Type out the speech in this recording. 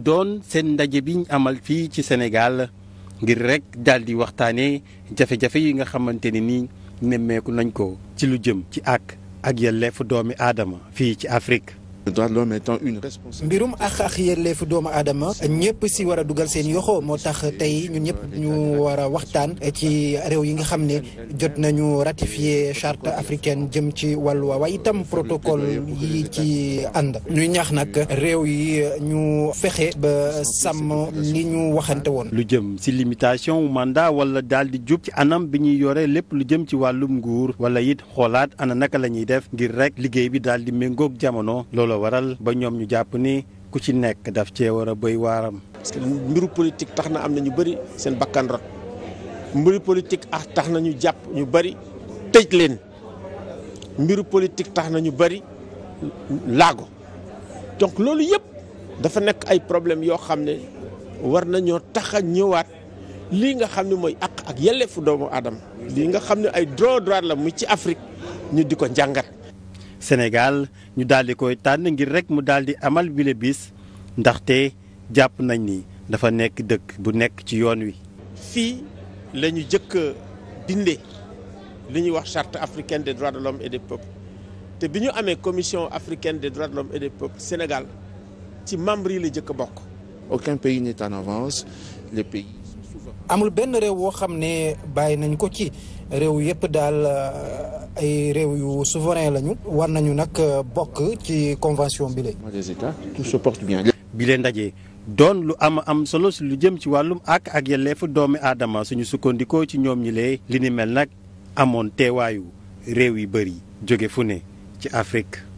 doon seen ndaje biñ amal fii ci Sénégal ngir rek daldi di waxtaanee jafe-jafe yi nga xamante ne nii nemmeeku nañ ko ci lu jëm ci àq ak yelleefu doomi aadama fii ci Afrique. droit de l'homme étant une responsabilité. mbirum ak ak yelleefu doomu aadama ñëpp si war dugal seen yoxo moo tax tey ñun ñëpp ñu war a waxtaan ci réew yi nga xam ne jot nañu ratifié charte africaine jëm ci wàllu waaye itam protocole yi ci ànd ñuy ñax nag réew yi ñu fexe ba sàmm li ñu waxante woon. lu jëm si limitation mandat wala daal di jub ci anam bi ñuy yore lépp lu jëm ci wàllum nguur wala it xoolaat ana naka la ñuy def ngir rek liggéey bi daal di méngoog jamono loolu looloo waral ba ñoom ñu jàpp ni ku ci nekk daf cee war a béy waaram. parce politique tax na am na bëri seen bakkan rot mbiru politique ah tax na jàpp ñu bëri tëj leen mbiru politique tax na ñu bëri laago donc loolu yëpp dafa nekk ay problème yoo xam ne war nañoo tax a ñëwaat lii nga xam ne mooy àq ak yelleefu doomu aadama li nga xam ne ay droit droit la mu ci Afrique ñu di ko njàngat. Sénégal ñu daal di koy tànn ngir rek mu daal di amal bile bis ndaxte jàpp nañ ni dafa nekk dëkk bu nekk ci yoon wi. fii la ñu jëkk a dindee li ñuy wax charte africaine des droits de l'homme et des peuples te bi ñu amee commission africaine des droits de l'homme et des peuples Sénégal ci membre yi la jëkk a bokk. aucun pays n'est en amul benn réew woo xam ne bàyyi nañ ko ci. réew yëpp daal euh, ay réew yu souverain lañu. war nañu nag euh, bokk ci convention bi la. les états tout se bi leen ndaje doon lu am am solo si lu jëm ci wàllum ak ak yelleefu doomi aadama suñu sukkandikoo ci ñoom ñi lee li mel nag amoon teewaayu réew yu bëri jóge fu ne ci Afrique.